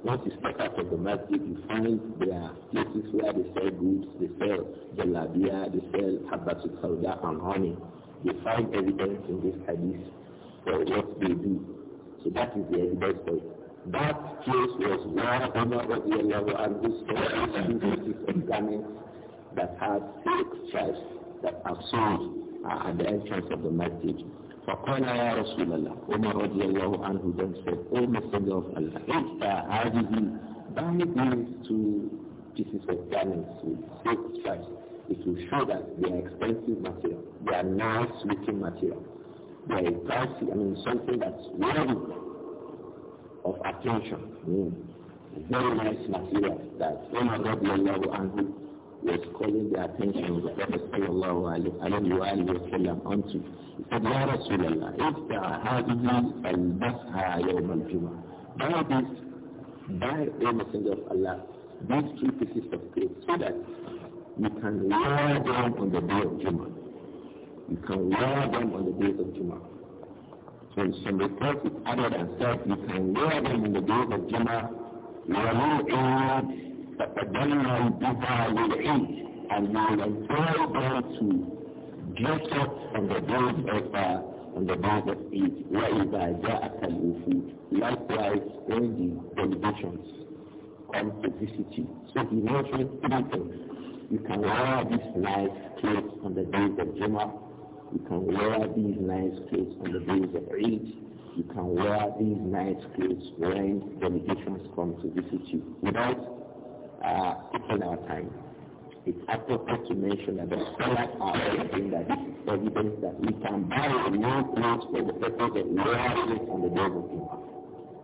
once you step out of the masjid, you find there are places where they sell goods, they sell jalabia, they sell habbatul sauda and honey. You find evidence in this hadith for what they do. So that is the evidence for it. That place was where Umar radiallahu anhu saw these pieces of that have six tribes that are sold uh, at the entrance of the masjid. فقال يا رسول الله عمر رضي الله عنه then said O Messenger of Allah إذا هذه bind these two pieces of garments with silk stripes it will show that they are expensive material they are nice looking material they are pricey I mean something that's worthy of attention mm. very nice material that Umar اللَّهَ anhu was calling the attention of the Prophet sallallahu alayhi wa sallam onto. He said, Ya Rasulallah, are hadihi al-basha yawm al-jum'ah. Buy this, by the Messenger of Allah, these two pieces of clothes so that you can wear them on the day of Jum'ah. You can wear them on the day of Jum'ah. And some reports it added and said, you can wear them on the day of Jum'ah, وَلُوْ عِيدٍ تقدمنا بها للعيد and you we are going to dress up on the days of uh, on the days of Eid وإذا جاءك الوفود likewise when the delegations come to visit you so he mentioned three things you can wear these nice clothes on the days of Jummah you can wear these nice clothes on the days of Eid you can wear these nice clothes when delegations come to visit you without uh, in our time. It's appropriate to mention that the scholars are saying that this is evidence that we can borrow new clothes for the purpose of wearing it on the days of Eid.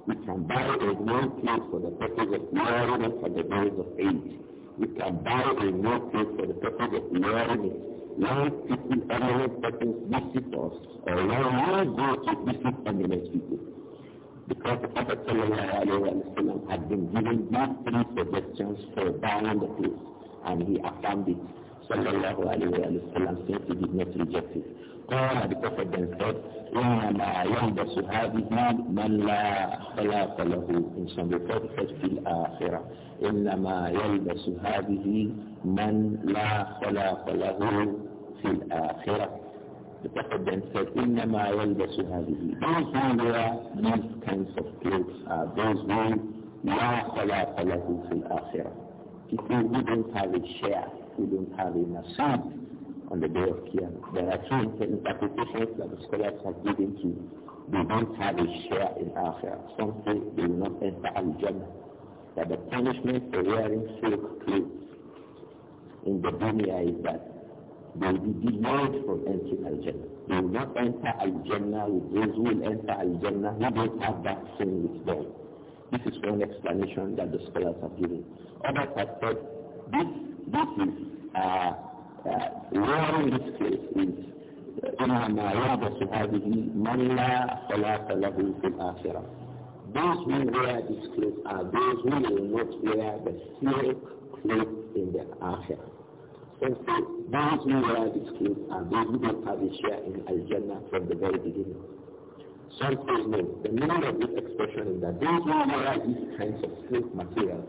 We can buy a new clothes for the purpose of wearing it on the days of age, We can buy a new clothes for the purpose of wearing it when people, eminent persons visit us, or when we go to visit eminent people. because the Prophet وسلم had been given these three suggestions for buying the place, and he affirmed it. Sallallahu alayhi wasallam said he did not reject it. قال the Prophet then said, إنما يلبس هذه من لا خلاق له in some report في الآخرة إنما يلبس هذه من لا خلاق له في الآخرة تتقدم said إنما يلبس هذه those who wear these kinds of clothes are those who لا خلاق له في الآخرة people who don't have a share who don't have a nasab on the day of Qiyamah there are two interpretations that the scholars have given to they don't have a share in Akhirah some say they will not enter Al-Jannah that the punishment for wearing silk clothes in the dunya is that they will be denied from entering Al-Jannah. They will not enter Al-Jannah with those who will enter Al-Jannah who don't have that sin with them. This is one explanation that the scholars have given. Others have said this, this is uh, uh, wearing this case is إنما يلبس هذه من لا صلاة له في الآخرة. Those who wear this clothes are those who will not wear the silk clothes in the Akhirah. Those who were this and they do not have a share in Al-Jannah from the very beginning. Some say no. The meaning of this expression is that those who wear these kinds of silk material,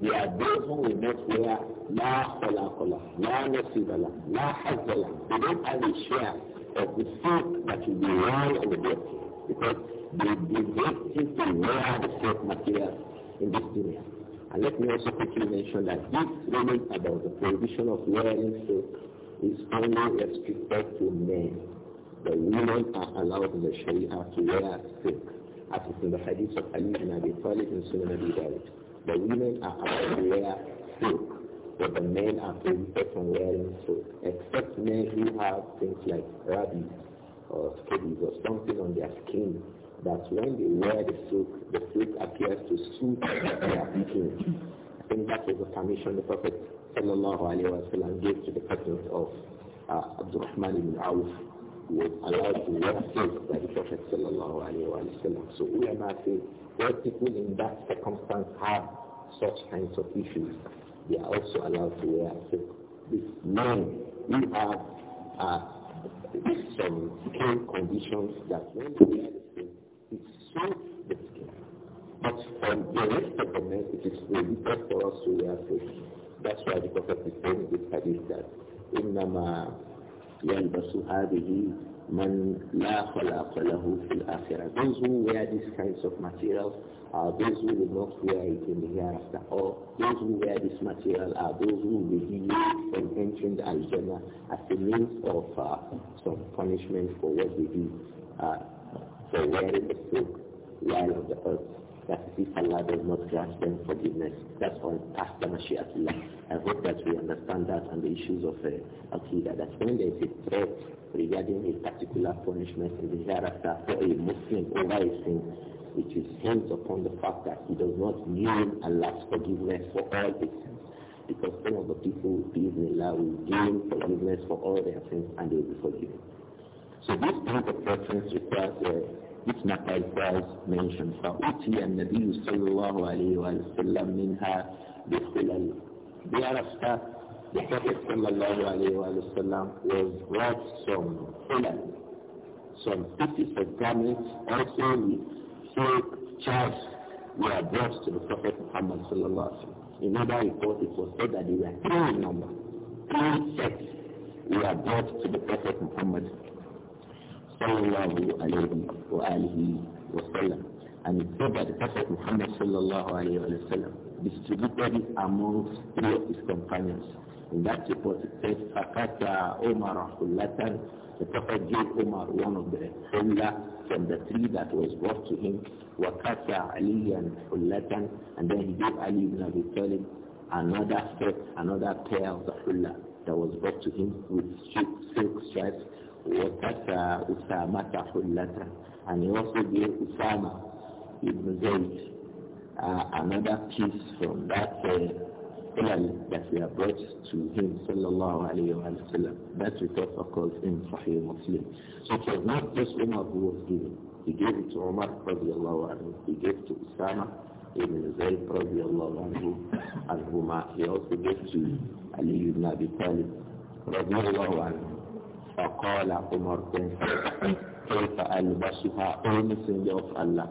they are those who will not wear la khalaqala, la nasibala, la hazala. They don't have a share of the silk that will be worn on the body because they, they don't seem to wear the silk material in this dunya. And let me also quickly mention that this ruling about the prohibition of wearing silk is only restricted to men. The women are allowed in the Sharia to wear silk, as is in the hadith of Ali and Abi Talib and Sunan Abi Dawud. The women are allowed to wear silk, but the men are prohibited from wearing silk, except men who have things like rabies or scabies or something on their skin that when they wear the silk, the silk appears to suit their beating. I think that was a permission the Prophet وسلم, gave to the presence of uh, Abdurrahman ibn Auf, who was allowed to wear silk by the Prophet وسلم. So not saying where people in that circumstance have such kinds of issues, they are also allowed to wear silk. This man, we have uh, some skin conditions that when they wear the silk, it's the rest of the men, it is for us to wear That's why the Prophet is saying this hadith that إنما يلبس هذه من لا خلاق له في الآخرة. Those who wear these kinds of materials are those who will not wear it in the hereafter, or those who wear this material are those who will be used and entering the Al-Jannah as a means of uh, some punishment for what they do, uh, for wearing the silk the of the earth. That if Allah does not grant them forgiveness, that's on past Allah. I hope that we understand that and the issues of uh, Aqidah, that when there is a threat regarding a particular punishment in the hereafter for a Muslim over a sin, which is hinged upon the fact that he does not mean Allah's forgiveness for all his sins. Because some of the people, Allah, will gain forgiveness for all their sins and they will be forgiven. So this kind of reference requires uh, fitna as was mentioned. فَأُتِيَ النَّبِيُّ صَلَّى اللَّهُ عَلَيْهِ وَسَلَّمْ مِنْهَا بِخِلَلٍ Thereafter, the Prophet sallallahu alayhi wa sallam was brought some khilal, some pieces of garments, also with silk chaps were brought to the Prophet Muhammad صلى الله عليه وسلم. In other report, it was said that there were three number, three sets were brought to the Prophet Muhammad sallallahu alayhi wa alihi wa sallam. And it said that the Prophet Muhammad صلى الله عليه وسلم distributed it amongst three of his companions. In that report it says, فَقَتَى أُمَرَ حُلَّةً The Prophet gave Umar one of the hullah from the tree that was brought to him. وَقَتَى عَلِيًّا حُلَّةً And then he gave Ali ibn Abi Talib another set, another pair of the hullah that was brought to him with silk stripes وَكَسَى أُسَامَةَ حُلَّةً And he also gave Usama ibn Zayd uh, another piece from that uh, that we have brought to him sallallahu alayhi wa sallam. That report occurs in Sahih Muslim. So it was not just Umar who was giving. He gave it to Umar radiallahu anhu. He gave it to Usama ibn Zayd radiallahu anhu and Umar. He also gave to Ali ibn Abi Talib radiallahu anhu. فقال عمر بن كيف ألبسها أو messenger of Allah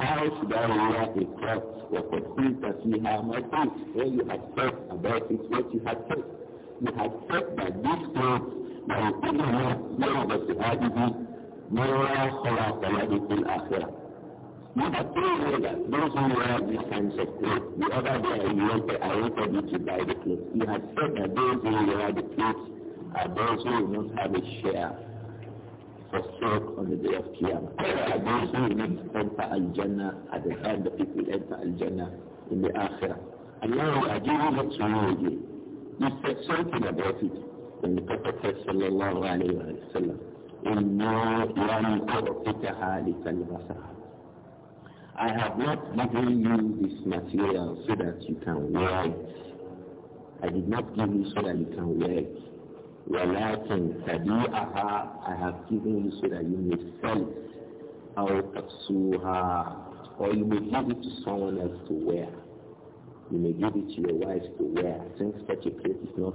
how should I wear a cloth وقد كنت فيها مرتين when you had thought about it what you had thought you had thought that this cloth لا يقدر يلبس هذه مرة خلاق يده في الآخرة You have told me that those who wear these kinds of clothes, the other day you wanted, I wanted you to buy the clothes. You had said that those who wear the clothes are those who will not have a share for stroke on the day of Qiyamah. Are those who will not enter Al-Jannah at the time the people enter Al-Jannah in the Akhirah. Allah will give it to you again. You said something about it when the Prophet said sallallahu alayhi wa sallam, إِنَّا لَنْ أَعْتِكَهَا لِتَلْبَسَهَا I have not given you this material so that you can wear it. I did not give you so that you can wear it. وَلَكِنْ تَبِيعَهَا I have given you so that you may sell it. أَوْ تَقْسُوهَا Or you may give it to someone else to wear. You may give it to your wife to wear, since such a place is not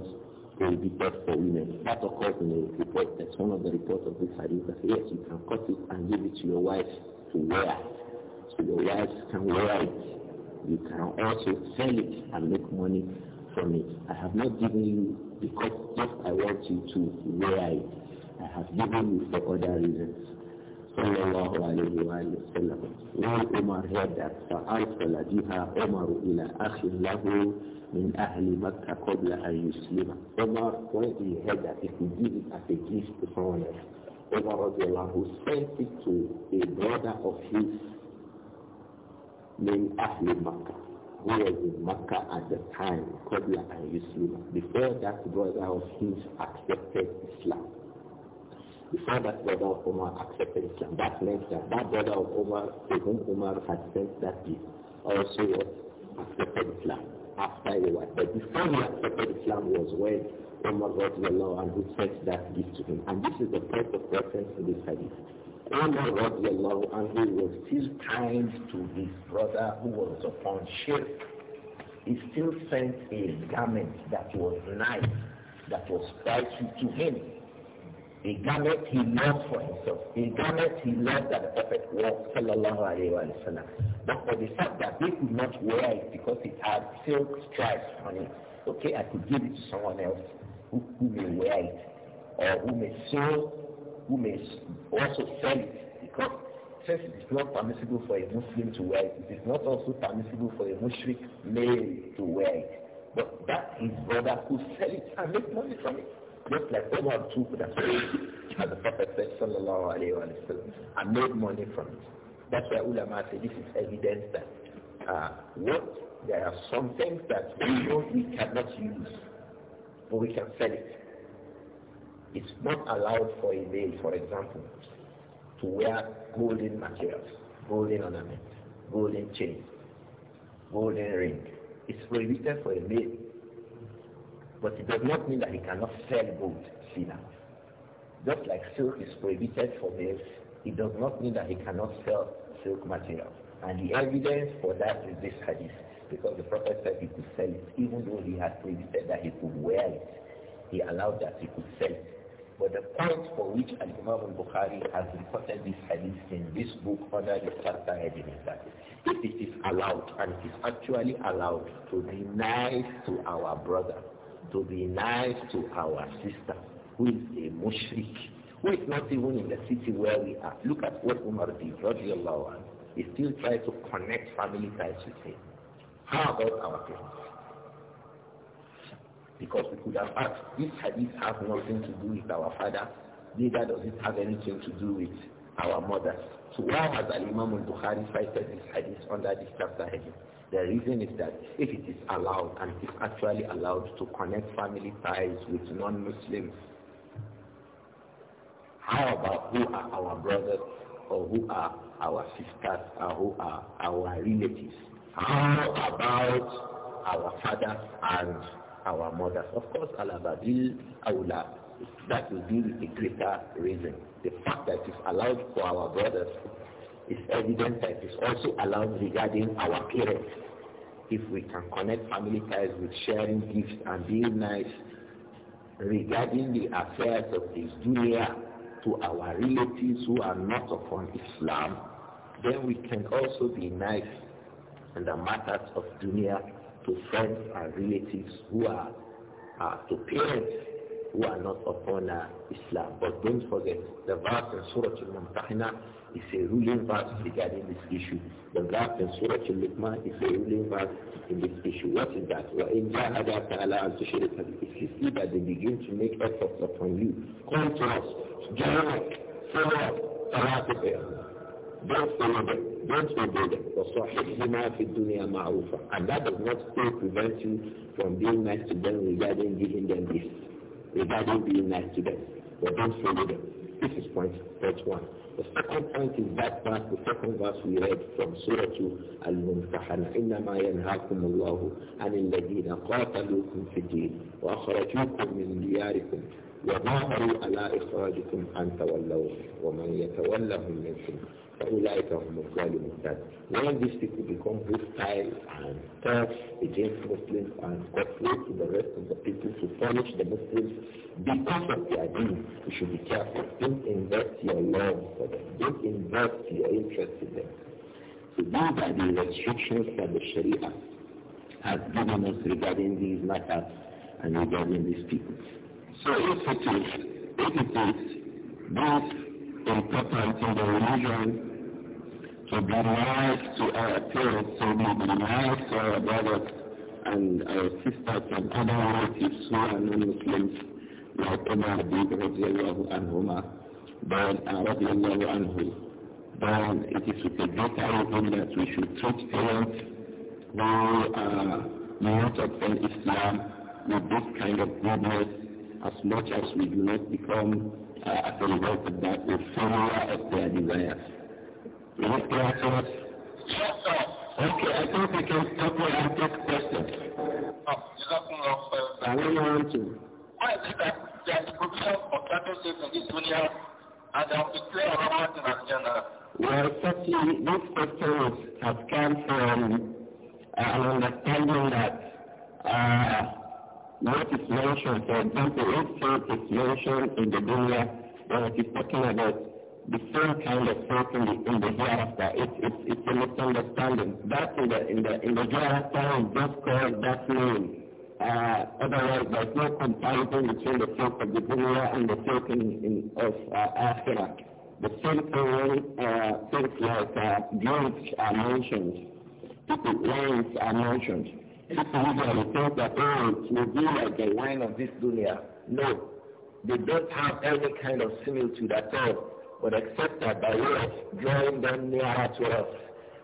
prohibited for women. That occurs in a report. That's one of the reports of this hadith. That yes, you can cut it and give it to your wife to wear. So your wife can wear it. You can also sell it and make money from it. I have not given you because just I want you to wear it. I have given you for other reasons. Sallallahu alayhi wa sallam. When Umar heard that, فَأَرْسَلَ بِهَا عُمَرُ إِلَى أَخٍ لَهُ من أهل مكة قبل أن يسلم when he heard that give it as a gift to someone else Umar sent it to a brother of his من Ahli مكة who was in Mecca at the time, Qabla and Yusuf. Before that brother was his accepted Islam. Before that brother of Omar accepted Islam, that meant that that brother of Omar, to whom Omar had sent that gift, also accepted Islam after he was. But before he accepted Islam was when Omar got the law and who sent that gift to him. And this is the point of reference to this hadith. Umar radiallahu anhu was still kind to his brother who was upon ship, He still sent a garment that was nice, that was spicy to him. A garment he loved for himself. A garment he loved that the Prophet wore, sallallahu alayhi wa sallam. But for the fact that they could not wear it because it had silk stripes on it, okay, I could give it to someone else who, who may wear it or who may sew who may also sell it because since it is not permissible for a Muslim to wear it, it is not also permissible for a mushrik male to wear it. But that his brother who sell it and make money from it. Just like Omar took that as the Prophet said, sallallahu alayhi wa sallam, and made money from it. That's why ulama say this is evidence that uh, what there are some things that we know we cannot use, but we can sell it. It's not allowed for a male, for example, to wear golden materials, golden ornament, golden chain, golden ring. It's prohibited for a male. But it does not mean that he cannot sell gold, see that. Just like silk is prohibited for males, it does not mean that he cannot sell silk materials. And the evidence for that is this hadith. Because the Prophet said he could sell it, even though he had previously said that he could wear it. He allowed that he could sell it. But the point for which imam al-Bukhari has reported this hadith in this book under the chapter heading is that if it is allowed, and it is actually allowed, to be nice to our brother, to be nice to our sister, who is a mushrik, who is not even in the city where we are. Look at what Umar did, radiallahu He still tried to connect family ties with him. How about our parents? Because we could have asked, this hadith has nothing to do with our father, neither does it have anything to do with our mother. So why has imam al-Bukhari cited this hadith under this chapter heading? The reason is that if it is allowed, and it is actually allowed to connect family ties with non-Muslims, how about who are our brothers or who are our sisters or who are our relatives? How about our fathers and our mothers. Of course, Alabadil Aula, that will be the a greater reason. The fact that it's allowed for our brothers is evident that it's also allowed regarding our parents. If we can connect family ties with sharing gifts and being nice regarding the affairs of this dunya to our relatives who are not upon Islam, then we can also be nice in the matters of dunya to friends and relatives who are uh, to parents who are not upon uh, Islam. But don't forget, the verse in Surah Al-Mumtahina is a ruling verse regarding this issue. The verse in Surah Al-Luqman is a ruling verse in this issue. What is that? وَإِنْ جَاهَدَاكَ عَلَىٰ أَنْ تُشْرِكَ بِالْإِسْلِ See that they begin to make efforts upon you. Come to us. Join us. Follow us. Don't follow them. Don't obey them. وَصَحِبْهِمَا فِي dunya مَعْرُوفًا And that does not still prevent you from being nice to them regarding giving them this, regarding being nice to them. But don't follow them. This is point, point one. The second point is that verse, the second verse we read from Surah Al-Mumtahana. إِنَّمَا يَنْهَاكُمُ اللَّهُ عَنِ الَّذِينَ قَاتَلُوكُم فِي الدِّينِ وَأَخْرَجُوكُم مِّن دِيَارِكُمْ وظاهروا على إخراجكم أن تولوا ومن يتولهم منكم that When these people become hostile and tough against Muslims and cooperate to the rest of the people to punish the Muslims because of their deeds, you should be careful. Don't invest your love for them. Don't invest your interest in them. So these are the restrictions that the Sharia has given us regarding these matters and regarding these people. So if it is, if it is both important in the religion to be nice to our parents, so we be nice to our brothers and our sisters and other relatives who are non-Muslims, like Umar bin radiallahu anhuma, but uh, radiallahu anhu. But it is with a greater reason that we should treat parents who are not of Islam with this kind of goodness as much as we do not become uh, as a result of that, a follower of their desires. Is it clear to us? Yes, sir. Okay, I think we can stop here and take questions. I don't want to. Why is it that there is provision for cattle sales in this dunya and there will be clear about in Alexander? Well, certainly this question is, has come from uh, an understanding that uh, what is mentioned, for example, if faith is mentioned in the dunya, then it is talking about the same kind of faith in the, hereafter. It's, it's, it's a misunderstanding. That in the, in the, in the hereafter is just called that name. Uh, otherwise, there's no comparison between the faith of the dunya and the faith in, in, of uh, The same thing uh, things like uh, are mentioned, people wines are mentioned. People usually think that, oh, it will be like the wine of this dunya. No, they don't have any kind of similitude at all but except that by way of drawing them nearer to us.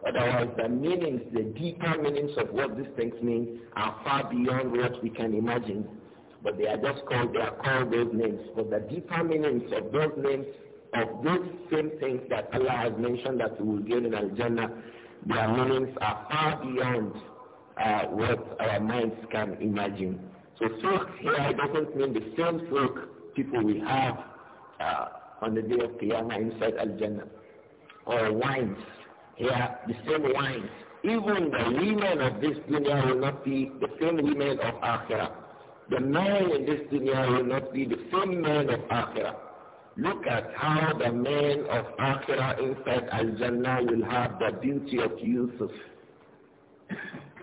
Otherwise, the meanings, the deeper meanings of what these things mean are far beyond what we can imagine. But they are just called, they are called those names. But the deeper meanings of those names, of those same things that Allah has mentioned that we will gain in Al-Jannah, their meanings are far beyond uh, what our minds can imagine. So silk here doesn't mean the same silk people we have uh, on the day of Qiyamah inside Al-Jannah. Or wines. Yeah, the same wines. Even the women of this dunya will not be the same women of Akhirah. The men in this dunya will not be the same men of Akhirah. Look at how the men of Akhirah inside Al-Jannah will have the beauty of Yusuf.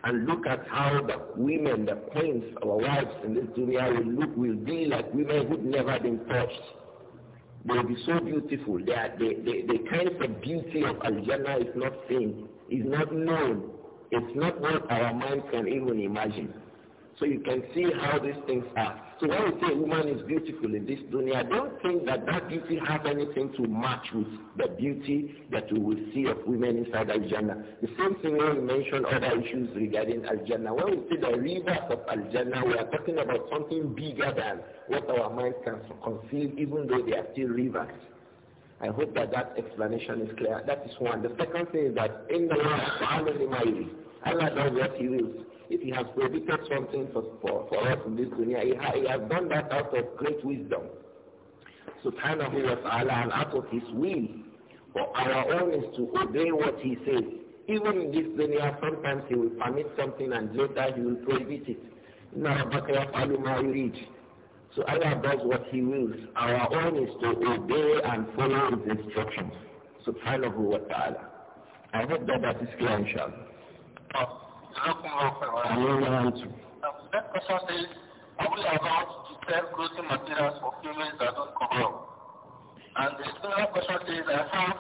And look at how the women, the queens, our wives in this dunya will look, will be like women who've never been touched. They will be so beautiful. They are, the, the kind of beauty of al is not seen, is not known. It's not what our mind can even imagine. So you can see how these things are. So when we say a woman is beautiful in this dunya, I don't think that that beauty has anything to match with the beauty that we will see of women inside Al-Jannah. The same thing when we mention other issues regarding Al-Jannah. When we say the rivers of Al-Jannah, we are talking about something bigger than what our mind can conceive, even though they are still rivers. I hope that that explanation is clear. That is one. The second thing is that in the world, how many miles? Allah does what he wills. If he has predicted something for, for, for us in this dunya, he, ha, he has done that out of great wisdom. Subhanahu wa ta'ala and out of his will. For our own is to obey what he says. Even in this dunya, sometimes he will permit something and later he will prohibit it. So Allah does what he wills. Our own is to obey and follow his instructions. Subhanahu wa ta'ala. I hope that that is clear, inshallah. That question says, are we allowed to sell clothing materials for females that don't cover up? And the similar question says, I have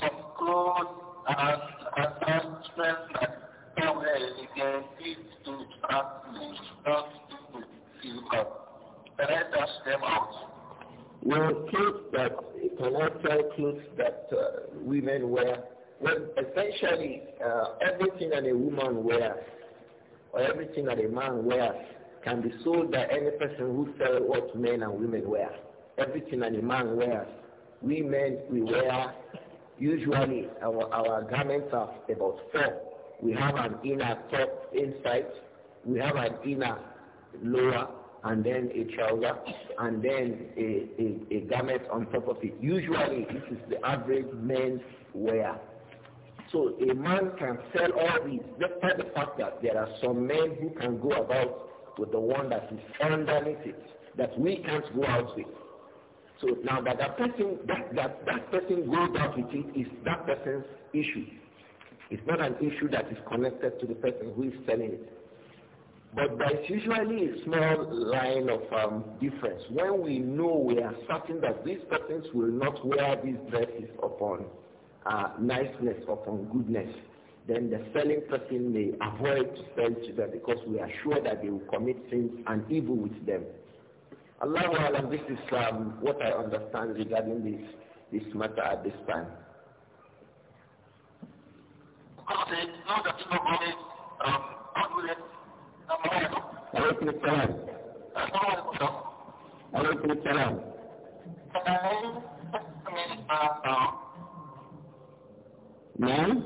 some clothes and attachments that somewhere you can give to athletes, not to people. Can I dash them out? Well, clothes that cannot sell clothes that uh, women wear when essentially uh, everything that a woman wears or everything that a man wears can be sold by any person who sells what men and women wear. Everything that a man wears, we men, we wear usually our, our garments are about four. We have an inner top inside, we have an inner lower, and then a trouser, and then a, a, a garment on top of it. Usually, this is the average men's wear. So a man can sell all these, despite the fact that there are some men who can go about with the one that is underneath it, that we can't go out with. So now that that person, that, that, that person goes out with it is that person's issue. It's not an issue that is connected to the person who is selling it. But there's usually a small line of um, difference. When we know we are certain that these persons will not wear these dresses upon uh, niceness from goodness, then the selling person may avoid to sell to them because we are sure that they will commit sins and evil with them. Allahu this is um, what I understand regarding this, this matter at this time. نعم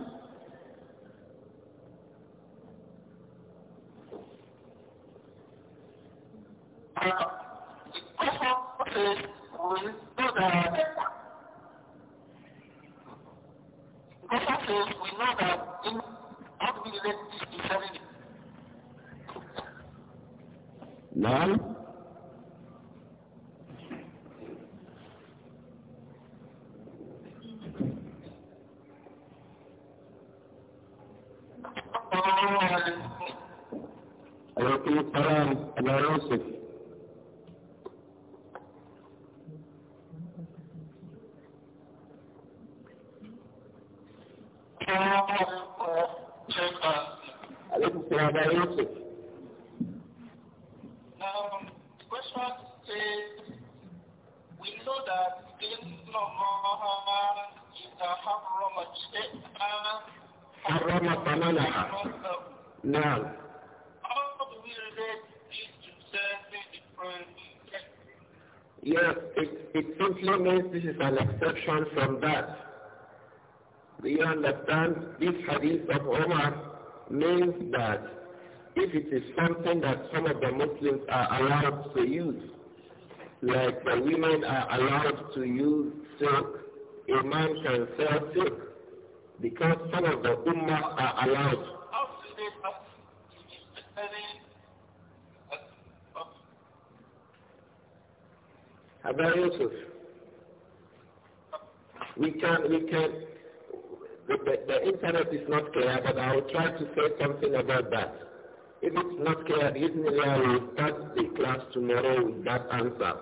نعم exception from that. Do you understand? This hadith of Omar means that if it is something that some of the Muslims are allowed to use, like the women are allowed to use silk, a man can sell silk because some of the ummah are allowed. Abba Yusuf. We can, we can, the, the, the internet is not clear, but I will try to say something about that. If it's not clear, Bismillah will start the class tomorrow with that answer.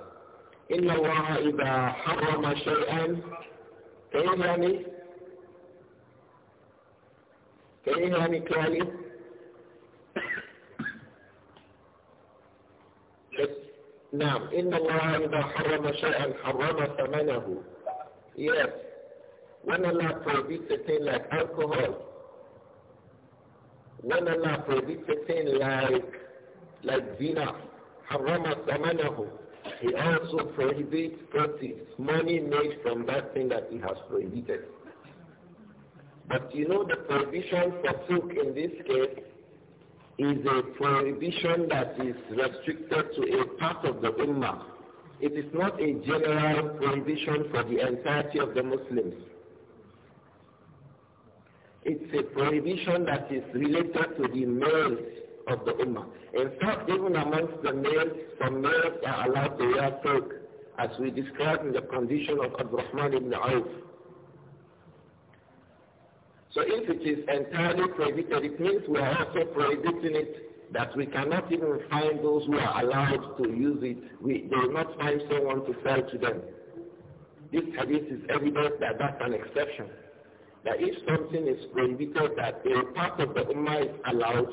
إن الله إذا حرم شيئا Can you hear me? Can you hear me clearly? نعم إن الله إذا حرم شيئا حرم ثمنه. Yes. When Allah prohibits a thing like alcohol, when Allah prohibits a thing like like zina, harama He also prohibits proceeds, money made from that thing that He has prohibited. But you know the prohibition for suk in this case is a prohibition that is restricted to a part of the ummah. It is not a general prohibition for the entirety of the Muslims. It's a prohibition that is related to the males of the Ummah. In fact, even amongst the males, some males are allowed to wear silk, as we described in the condition of Abdurrahman ibn Auf. So if it is entirely prohibited, it means we are also prohibiting it that we cannot even find those who are allowed to use it. We, do not find someone to sell to them. This hadith is evidence that that's an exception that if something is prohibited that a part of the ummah is allowed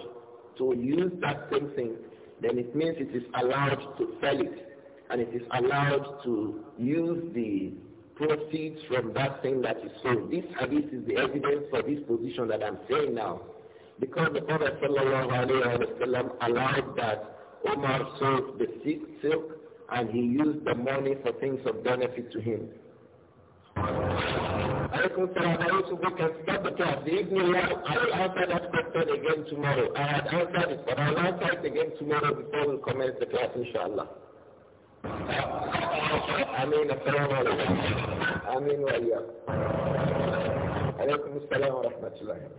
to use that same thing, then it means it is allowed to sell it and it is allowed to use the proceeds from that thing that is sold. This hadith is the evidence for this position that I'm saying now. Because the Prophet wasallam allowed that Omar sold the silk and he used the money for things of benefit to him alaikum salam. I the The I will answer that question again tomorrow. I had answered it, but I will answer it again tomorrow before we commence the class, inshallah.